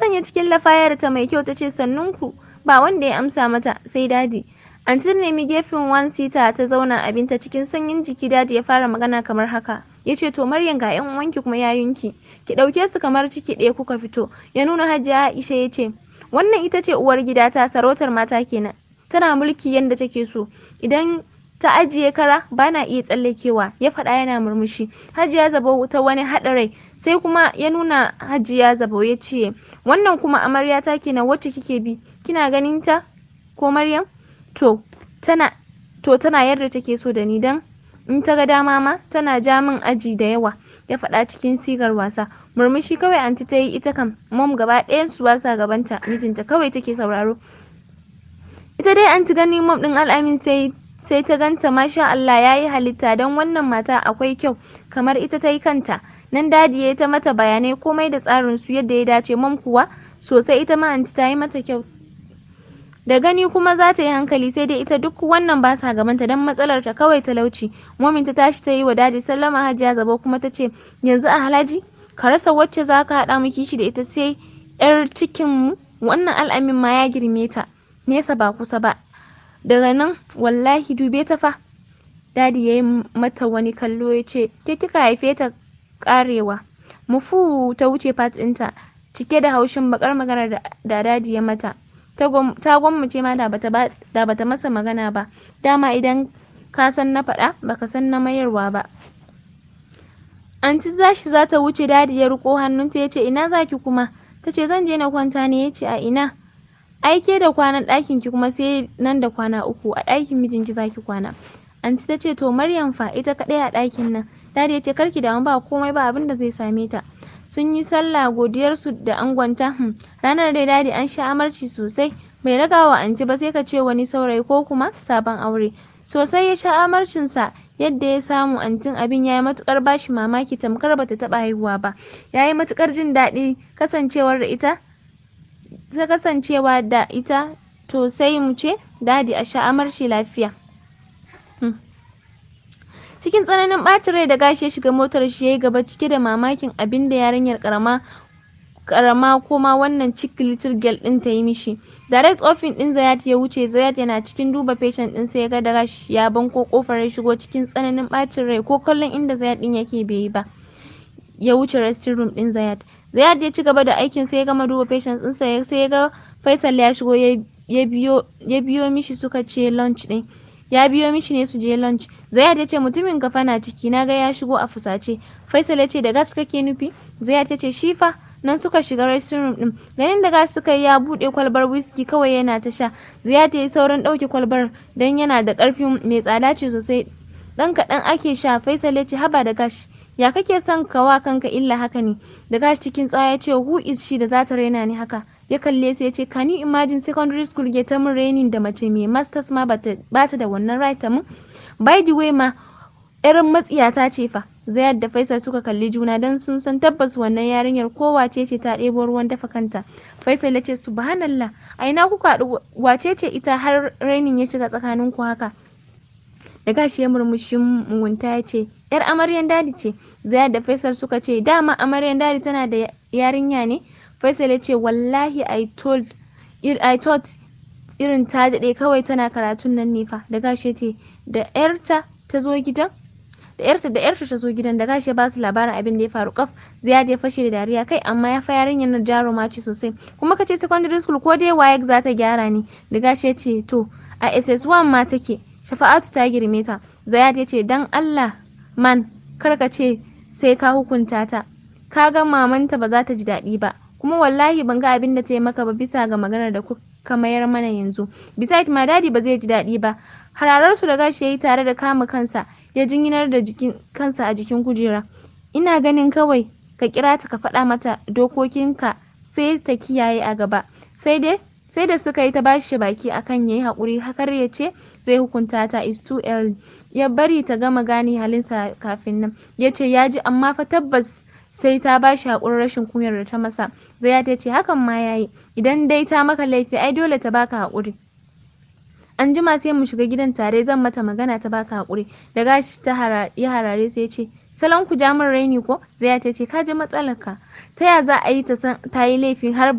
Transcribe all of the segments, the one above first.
sanya cikin ta mai kyau ta ce sannunku ba wanda ya amsa mata sai dadi an nemi gefen one sita ta zauna abinta cikin sanyin jiki dadi ya fara magana kamar haka ya ce to maryam ga yan uwanki kuma yayunki ki ɗauke su kamar ciki ɗaya kuka fito ya nuna hajiya aisha ya ce wannan ita ce uwar gida ta sarautar mata kenan tana mulki yadda take so idan ta ajiye kara bana iya tsallakewa ya faɗa yana murmushi hajiya zabo ta wani haɗa rai sai kuma ya nuna Hajiya Zabo ya ce wannan kuma amarya ta kenan wacce kike bi kina ganin ta ko Maryam to tana to tana yadda take so da ni dan in ta ga dama ma tana ja min aji da yawa ya faɗa cikin sigar wasa murmushi kawai anti ta yi ita kam mom gaba ɗayan su wasa gabanta mijinta kawai take sauraro ita dai anti gani mom din al'amin sai sai ta ganta masha Allah yayi halitta don wannan mata akwai kyau kamar ita ta yi kanta nan dadi ya ta mata bayanai komai da tsarin su yadda ya dace mom kuwa sosai ita ma anti ta yi mata kyau da gani kuma za ta yi hankali sai dai ita duk wannan ba sa gabanta don matsalar ta kawai talauci momin ta tashi ta yi wa dadi sallama hajiya zabo kuma ta ce yanzu a halaji ka rasa wacce za ka haɗa miki shi da ita sai yar cikin mu wannan al'amin ma ya girme ta nesa ba kusa ba daga nan wallahi dube ta fa dadi ya yi mata wani kallo ya ce ke kika haife ta ƙarewa. Mufuu ta wuce fat ɗinta, cike da haushin baƙar maganar da daji ya mata. Ta gwammace ma da bata masa magana ba, dama idan ka san na faɗa baka san na mayarwa ba. Anti Zashi za ta wuce Dadi ya riƙo hannunta ya ce ina zaki kuma? Ta ce zan je na kwanta ne ya ce a ina? Ai da kwanan ɗakin ki kuma sai nan da kwana uku a ɗakin mijinki za kwana. Anti ta ce to Maryam fa ita kaɗai a ɗakin nan. Dadi ya ce karki damu ba komai ba abin da zai same ta. Sun yi sallah godiyarsu da angonta. Hmm. Ranar dai dadi an sha amarci sosai. Bai raga wa anti ba sai ka ce wani saurayi ko kuma sabon aure. Sosai ya sha amarcinsa yadda ya samu antin abin ya yi matukar bashi mamaki tamkar ta taba haihuwa ba. Ya yi matukar jin daɗi kasancewar da ita ta kasancewa da ita to sai mu ce dadi a sha amarci lafiya. Cikin tsananin bacin rai da gashi ya shiga motar shi yayi gaba cike da mamakin abinda yarinyar ƙarama karama ko ma wannan chick little girl din ta yi mishi direct ofin din Zayat ya wuce Zayat yana cikin duba patient din sai ya ga gashi ya banko kofar shigo cikin tsananin bacin rai ko kallon inda Zayat din yake bai yi ba ya wuce resting room din Zayat Zayat ya ci gaba da aikin sai ya gama duba patient din sai ya ga Faisal ya shigo ya biyo ya biyo mishi suka ce lunch din ya biyo mishi ne su je lunch Zayat ya ce mutumin ka fana na ciki na ga ya shigo a fusace Faisal ya ce da gas kake nufi Zayat ya ce shi fa nan suka shiga restroom room din ganin da gas suka yi ya bude kwalbar wiski kawai yana ta sha Zayat ya yi saurin dauke kwalbar dan yana da karfin mai tsada ce sosai dan kaɗan ake sha Faisal ya ce haba da gas. ya kake son kawa kanka illa haka ne da gashi cikin tsaya ya ce who is shi da za ta raina ni haka ya kalle sai ya ce can you imagine secondary school ya ta mun renin da mace mai masters ma ba ta da wannan right mun by the way ma irin matsiyata ce fa zayar da Faisal suka kalli juna don sun san tabbas wannan yarinyar ko ce ce ta ɗebo ruwan dafa kanta. Faisal ya ce subhanallah a ina kuka haɗu wace ce ita har rainin ya cika tsakanin ku haka. Da gashi ya murmushin mugunta ya ce yar amaryan dadi ce. Zayad da Faisal suka ce dama amaryan dadi tana da yarinya ne Faisal ya ce wallahi I told I thought irin ta daɗe kawai tana karatun nan ne fa da gashi ce da ƴarta ta zo gidan da ƴarta da ƴarta ta zo gidan da gashi ba su labarin abin da ya faru kaf Ziyad ya fashe da dariya kai amma ya fa yarinyar nan jaruma ce sosai kuma kace secondary school ko dai waye za ta gyara ne da gashi ya ce to a SS1 ma take Shafa'atu ta girme ta Ziyad ya ce dan Allah man kar ka ce sai ka hukunta ta ka ga mamanta ba za ta ji daɗi ba kuma wallahi ban ga abin da ta maka ba bisa ga magana da kuka mayar mana yanzu besides ma dadi ba zai ji daɗi ba hararar su da gashi yayi tare da kama kansa ya jinginar da jikin kansa a jikin kujera ina ganin kawai ka kira ta ka faɗa mata dokokinka sai ta kiyaye a gaba sai dai sai da suka yi ta bashi baki akan yayi hakuri hakar ya ce zai hukunta ta is too early ya bari ta gama gane halinsa kafin nan yace ce ya ji amma fa tabbas sai ta ba shi haƙurin rashin kunyar da ta masa Zayyad ta ce hakan ma yayi idan dai ta maka laifi ai dole ta baka haƙuri an jima sai mu shiga gidan tare zan mata magana ta baka haƙuri da gashi ta ya harare sai ya ce salon ku ja min raini ko Zayyad ta ce ka ji ka ta ya za a yi ta san ta yi laifi har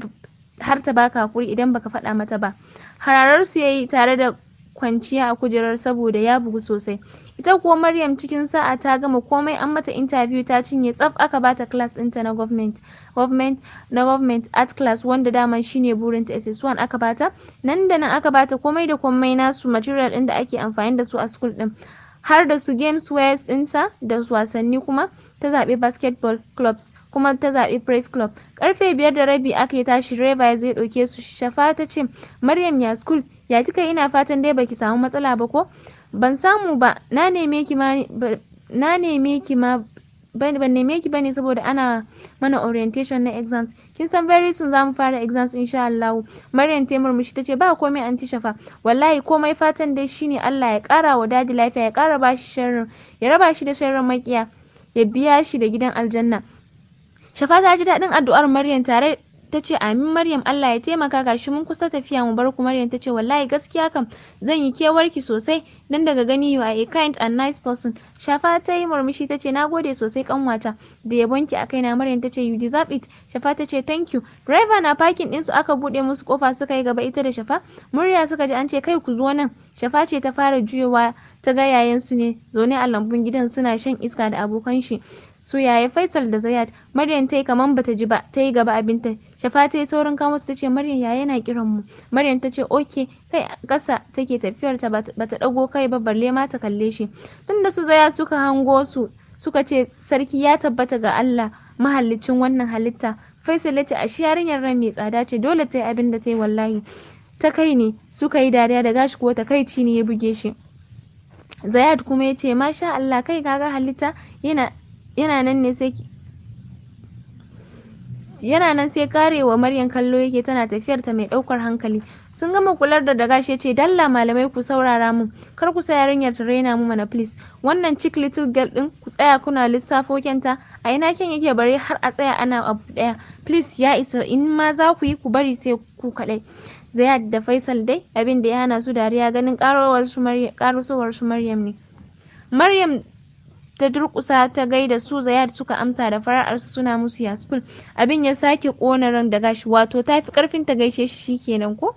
har ta baka haƙuri idan baka faɗa mata ba hararar su yayi tare da kwanciya a kujerar saboda ya bugu sosai Ita kuwa Maryam cikin sa'a ta gama komai an mata intabiyu ta cinye tsaf aka bata class ɗinta na Government Art class wanda daman shine ta SS1 aka bata nan da nan aka bata komai da komai nasu material ɗin da ake amfani da su a school ɗin har da su games dinsa ɗinsa da wasanni kuma ta zaɓi basketball clubs kuma ta zaɓi press club karfe biyar da rabi aka yi tashi direba ya zai ɗauke su shafa ta ce maryam ya school ya kika ina fatan dai baki samu matsala ba ko Ban samu ba, na neme ki ma, na neme ki ma ban neme ki bane saboda ana mana orientation na exams kin san very soon zamu fara exams insha Allah Maryam ta murmushi tace ba komai anti Shafa wallahi komai fatan dai shine Allah ya kara wa dadi lafiya ya kara shi sharrin ya raba shi da sharrin makiya ya biya shi da gidan aljanna Shafa ta ji dadin addu'ar Maryam tare ta ce amin maryam allah ya taimaka gashi mun kusa tafiya mu bar ku maryam ta ce wallahi gaskiya kam zan yi kewarki sosai dan daga gani you are a kind and nice person shafa ta yi murmushi ta ce na gode sosai kanwata da yabonki a kaina maryam ta ce you deserve it shafa ta ce thank you driver na parking din su aka bude musu kofa suka yi gaba ita da shafa murya suka ji an ce kai ku zo nan shafa ce ta fara juyowa ta ga yayansu ne zaune a lambun gidan suna shan iska da abokan shi su yaya Faisal da Zayat Maryam tayi kaman bata ji ba tayi gaba abinta Shafa tayi saurin kamo ta tace Maryam yaya yana kiran mu Maryam tace okay kai kasa take tafiyar ta bata dago kai ba balle ma ta kalle shi tunda su Zayat suka hango su suka ce sarki ya tabbata ga Allah mahallicin wannan halitta Faisal ya ce ashe yarinyar ran mai tsada ce dole tayi abin da yi wallahi ta kai ne suka yi dariya da gashi kuwa takaici ne ya buge shi Zayad kuma ya ce masha Allah kai kaga halitta yana yana nan ne sai yana nan sai karewa Maryam kallo yake tana tafiyar ta mai daukar hankali sun gama kular da daga shi ce dalla malamai ku saurara mun kar ku sa yarinyar ta raina mu mana please wannan chick little girl din ku tsaya kuna lissafo kyanta a ina kyan yake bare har a tsaya ana abu daya please ya isa in ma za ku yi ku bari sai ku kadai Zayad da Faisal dai abin da ya hana su dariya ganin karowar su Maryam su Maryam ne Maryam ta durƙusa ta gaida su Zayad suka amsa da su suna musu yasful abin ya sake ƙona ran da gashi wato ta fi ƙarfin ta gaishe shi kenan ko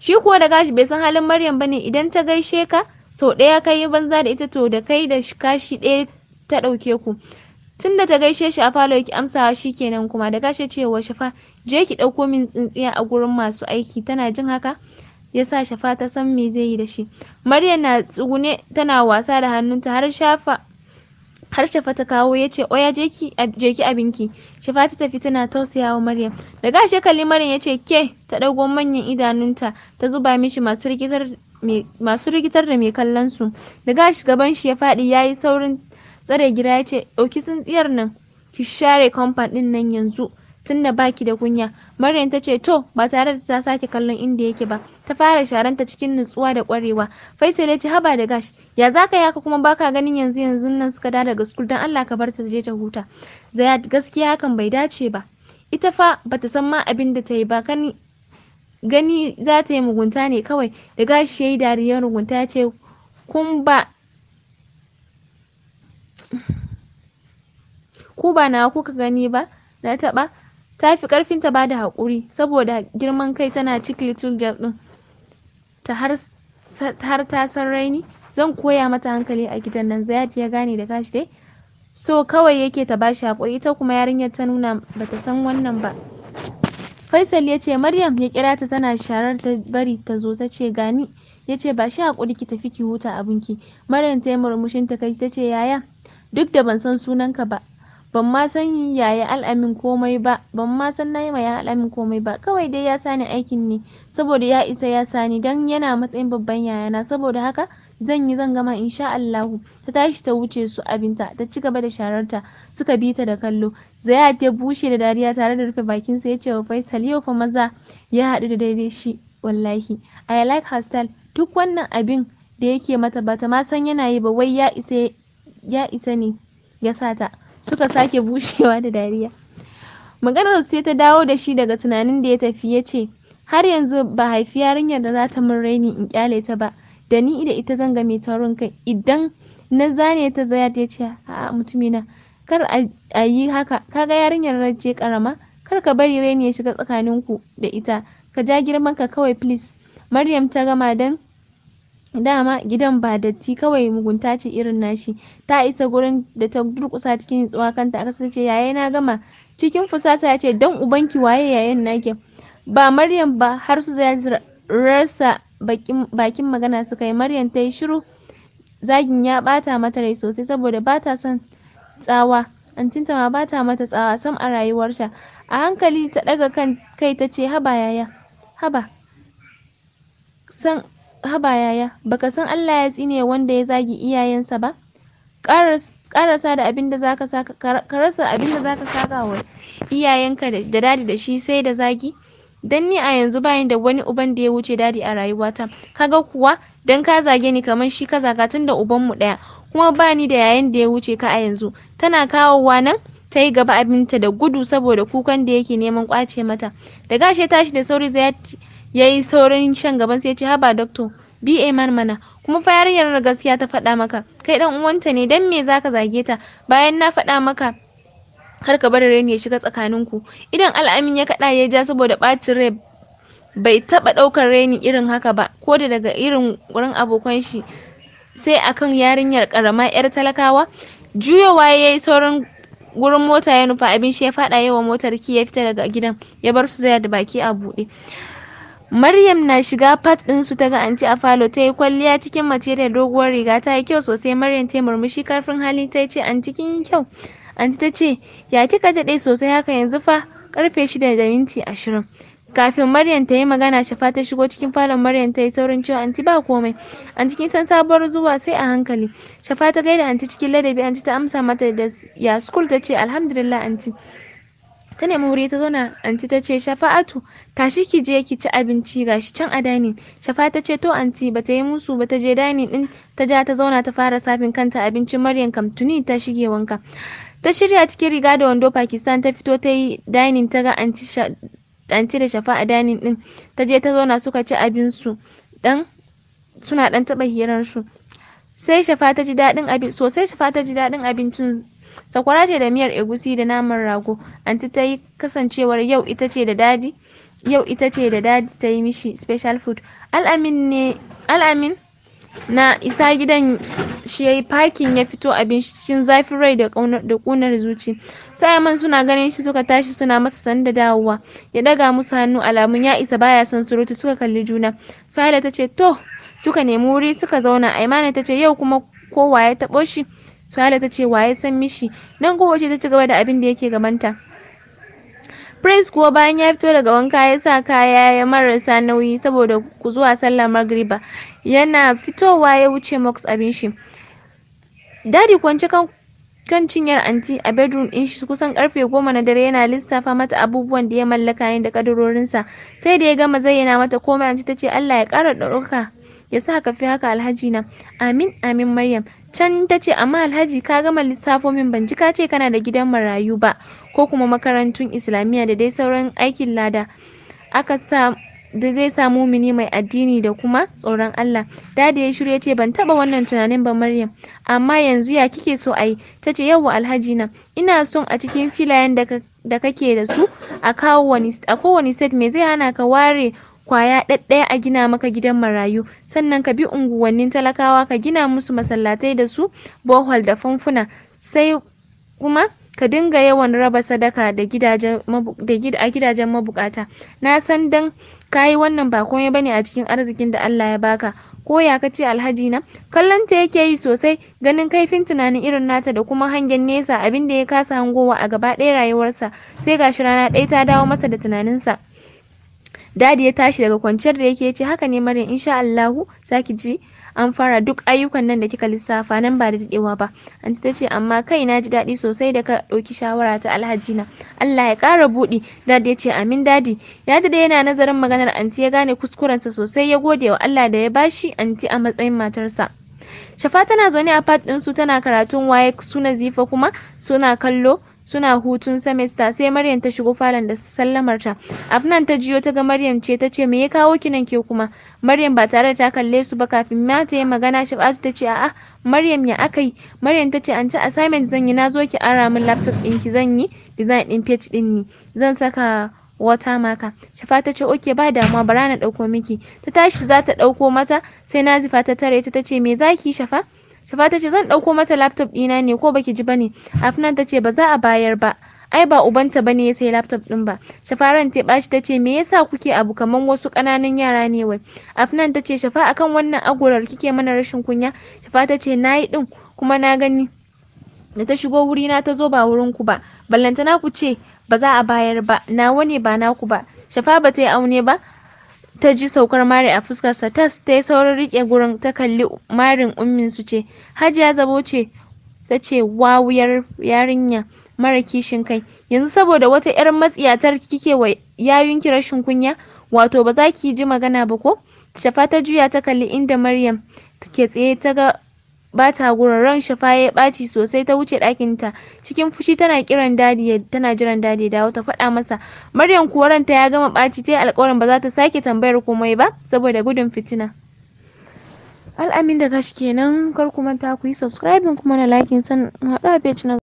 shi kuwa da gashi bai san halin Maryam bane idan ta gaishe ka sau ɗaya kai yi banza da ita to da kai da kashi ɗaya ta ɗauke ku tunda ta gaishe shi a falo yake amsawa shi kenan kuma da gashi ce wa shafa je ki ɗauko min tsintsiya a gurin masu aiki tana jin haka ya sa shafa ta san me zai yi da shi Maryam na tsugune tana wasa da hannunta har shafa har Shafa ta kawo ya ce oya je ki abinki Shafa ta tafi tana tausayawa Maryam daga ashe kalli Maryam ya ce ke ta ɗago manyan idanunta ta zuba mishi masu rikitar da mai kallon su daga gaban shi ya faɗi yayi saurin tsare gira ya ce ɗauki tsintsiyar nan ki share kwamfan ɗin nan yanzu tunda baki da kunya Maryam ta ce to ba tare da ta sake kallon inda yake ba ta fara sharanta cikin nutsuwa da kwarewa Faisal ya ce haba da gash ya zaka yaka kuma baka ganin yanzu yanzu nan suka dawo daga school dan Allah ka bar ta je ta huta Zayat gaskiya hakan bai dace ba ita fa bata san ma abin da ta yi ba kan gani za ta yi mugunta ne kawai da gashi yayi dariyar mugunta ce kun ba ku ba na kuka gani ba na taɓa Ta fi ƙarfin ta bada da haƙuri, saboda girman kai tana cik little girl ɗin ta har ta san raini. Zan koya mata hankali a gidan nan. zayat ya gane da kanshi dai. So kawai yake ta bashi shi haƙuri, ita kuma yarinyar ta nuna bata san wannan ba. Faisal ya ce Maryam ya kira ta tana sharar ta bari ta zo ta ce gani. Ya ce ba shi haƙuri ki tafi ki huta abinki. Maryam ta yi murmushin ta kai ta ce yaya duk da ban san sunanka ba ban ma san yaya al'amin komai ba ban ma san nayi yaya al'amin komai ba kawai dai ya sani aikin ne saboda ya isa ya sani dan yana matsayin babban yaya na saboda haka zan yi zan gama insha Allahu ta tashi ta wuce su abinta ta ci gaba da shararta suka bi ta da kallo Zayat ya bushe da dariya tare da rufe bakin sa yace wa Faisal yau fa maza ya haɗu da daidai shi wallahi I like her duk wannan abin da yake mata ba ta ma san yana yi ba wai ya isa ya isa ne ya sata suka sake bushewa da dariya maganar sai ta dawo da shi daga tunanin da ya tafi ya ce har yanzu ba haifi yarinyar da za ta min raini in kyale ta ba da ni da ita zan ga mai taurin kai idan na zane ta zaya ta ce a'a mutumina kar a yi haka kaga yarinyar rance karama kar ka bari raini ya shiga tsakaninku da ita ka ja girman ka kawai please maryam ta gama dan Dama gidan ba datti kawai mugunta ce irin nashi. Ta isa gurin da ta durƙusa cikin nutsuwa kanta aka sace ta na gama. Cikin fusata yace ce, Don ubanki waye yayin nake Ba Maryam ba har su rarsa bakin magana suka yi. Maryam ta yi shiru. Zagin ya bata mata rai sosai saboda ba ta son tsawa. Antinta ma ba ta mata tsawa sam a rayuwarta. A hankali ta daga kan kai ta ce, Haba yaya, haba. San haba yaya baka san Allah ya tsine wanda ya zagi iyayensa ba karasa da abin da zaka saka ka rasa abin da zaka saka wa iyayenka da dadi da shi sai da zagi dan ni a yanzu bayan da wani uban da ya wuce dadi a rayuwata kaga kuwa dan ka zage ni kamar shi ka zaka tun da uban mu daya kuma bani da yayin da ya wuce ka a yanzu tana kawowa nan ta yi gaba abinta da gudu saboda kukan da yake neman kwace mata da gashi ya tashi da sauri zai ya yi saurin shan gaban sai ya ce haba doctor bi man mana kuma fa yarinyar gaskiya ta faɗa maka kai dan uwanta ne dan me zaka zage ta bayan na faɗa maka har ka bari raini ya shiga tsakaninku idan al'amin ya kaɗa ya ja saboda ɓacin rai bai taɓa ɗaukar raini irin haka ba ko da daga irin wurin abokan shi sai akan yarinyar karama 'yar talakawa juyowa ya yi saurin gurin mota ya nufa abin shi ya faɗa yawa motar ki ya fita daga gidan ya bar su zaya da baki a buɗe Maryam na shiga fat ɗin su ta ga anti a falo, ta yi kwalliya cikin material. doguwar riga ta yi kyau sosai. Maryam ta murmushi karfin hali ta ce "Anti kin yi kyau. Anti ta ce ya kika daɗe sosai haka yanzu fa karfe shida da minti ashirin. Kafin Maryam ta yi magana Shafa ta shigo cikin falon Maryam ta yi saurin cewa anti ba komai. Anti kin san sabuwar zuwa sai a hankali. Shafa ta gaida anti cikin ladabi anti ta amsa mata da ya school ta ce alhamdulillah anti. ta nemi wuri ta zauna anti ta ce shafa'atu tashi ki je ki ci abinci gashi can a dining shafa ta ce to anti bata yi musu ba ta je dining din ta ja ta zauna ta fara safin kanta abincin maryam kam tuni ta shige wanka ta shirya cikin riga da wando pakistan ta fito ta yi dining ta ga anti da shafa a dining din ta je ta zauna suka ci abinsu dan suna dan taba hirar su sai shafa ta ji dadin abin sosai shafa ta ji dadin abincin Sakwara ce da miyar egusi da naman rago. anti ta yi, kasancewar yau ita ce da Dadi yau ita ce da Dadi ta mishi special food. ne al'amin na isa gidan shi ya yi fakin ya fito abin shi cikin zafin rai da ƙunar zuci. saaman suna ganin shi suka tashi suna masa sanda dawowa. Ya daga musu hannu alamun ya isa baya son surutu suka kalli juna. Sale ta ce to suka nemi wuri suka zauna. Aimana ta ce yau kuma kowa ya taɓo shi Suhaila ta ce waye san mishi nan kowace ta ci gaba da abin da yake gabanta. Prince kuwa bayan ya fito daga wanka ya sa kaya ya marasa nauyi saboda ku zuwa sallar magriba yana fitowa ya wuce Mox abin shi. Dadi kwance kan kan cinyar anti a bedroom din shi kusan karfe goma na dare yana lissafa mata abubuwan da ya mallaka ne da sa sai da ya gama zayyana mata komai anti ce Allah ya kara ɗauka ya sa ka fi haka alhaji na amin amin maryam Can ta ce, amma Alhaji ka gama lissafomin min ban ji ka ce kana da gidan marayu ba ko kuma makarantun Islamiyya da dai sauran aikin lada. Aka sa da zai sa mumini mai addini da kuma tsoron Allah. Dadi ya ya ce ban taba wannan tunanin ba Maryam, amma yanzu ya kike so ayi? Ta ce yawwa Alhaji na, ina son a cikin filayen da kake da su a kowane state me zai hana ka ware kwaya ɗaɗɗaya a gina maka gidan marayu sannan ka bi unguwannin talakawa ka gina musu masallatai da su bohol da famfuna sai kuma ka dinga yawan raba sadaka da gidajen a gidajen mabukata na san dan kayi wannan ba komai bane a cikin arzikin da Allah ya baka ko ya kace alhaji na kallon ta yake yi sosai ganin kaifin tunanin irin nata da kuma hangen nesa abin da ya kasa hangowa a gaba ɗaya rayuwarsa sai gashi rana ɗaya ta dawo masa da tunaninsa Dadi ya tashi daga kwanciyar da yake ya ce haka ne Maryam insha Allahu zaki ji an fara duk ayyukan nan da kika lissafa nan ba da dadewa ba. Anti ta ce amma kai na ji daɗi sosai da ka dauki shawara ta Alhaji na. Allah ya kara budi. Dadi ya ce amin dadi. Ya dade yana nazarin maganar anti ya gane kuskurensa sosai ya gode wa Allah da ya bashi anti a matsayin matarsa. Shafa tana zaune a fat su tana karatun waye suna zifa kuma suna kallo suna hutun semester sai Maryam ta shigo falon da sallamar ta Afnan ta jiyo ta ga Maryam ce ta ce me ya kawo ki nan ke kuma Maryam ba tare da ta kalle su ba kafin ma ta yi magana Shafa'atu ta ce a'a Maryam ya akai Maryam ta ce an ta assignment zan yi nazo ki ara min laptop din ki zan yi design din page din ni zan saka wata maka shafa ta ce oke ba damuwa bara na dauko miki ta tashi za ta dauko mata sai nazifa ta tare ta tace me zaki shafa Shafa ta ce zan ɗauko mata laptop ɗina ne ko baki ji bane. Afnan ta ce ba za a bayar ba. ai ba ubanta bane ya sai laptop ɗin ba shafaran ta bashi tace me yasa kuke abu kaman wasu kananan yara ne wai afnan ce shafa akan wannan agurar kike mana rashin kunya shafa na nayi ɗin kuma na gani da ta shigo wuri na ta zo ba wurin ku ba ballantana ku ce ba za a bayar ba nawa ne ba naku ba shafa ba ta yi aune ba ta ji saukar mari a fuskarsa tas ta yi saurin riƙe gurin ta kalli marin ummin su ce hajiya zabo ce ta ce wawuyar yarinya mara kishin kai yanzu saboda wata 'yar matsiyatar kike wa yayunki rashin kunya wato ba za ki ji magana ba ko shafa ta juya ta kalli inda maryam ke tsaye ta ga bata gurin, ran Shafa ya ɓaci sosai ta wuce ta cikin fushi tana kiran dadi tana jiran dadi ya dawo ta faɗa masa. Maryam kuwa ta ya gama ɓaci tayi alƙawarin ba za ta sake tambayar komai ba saboda gudun fitina. Al'amin da gashi kenan kar ku manta ku yi kuma na liking san haɗu a page na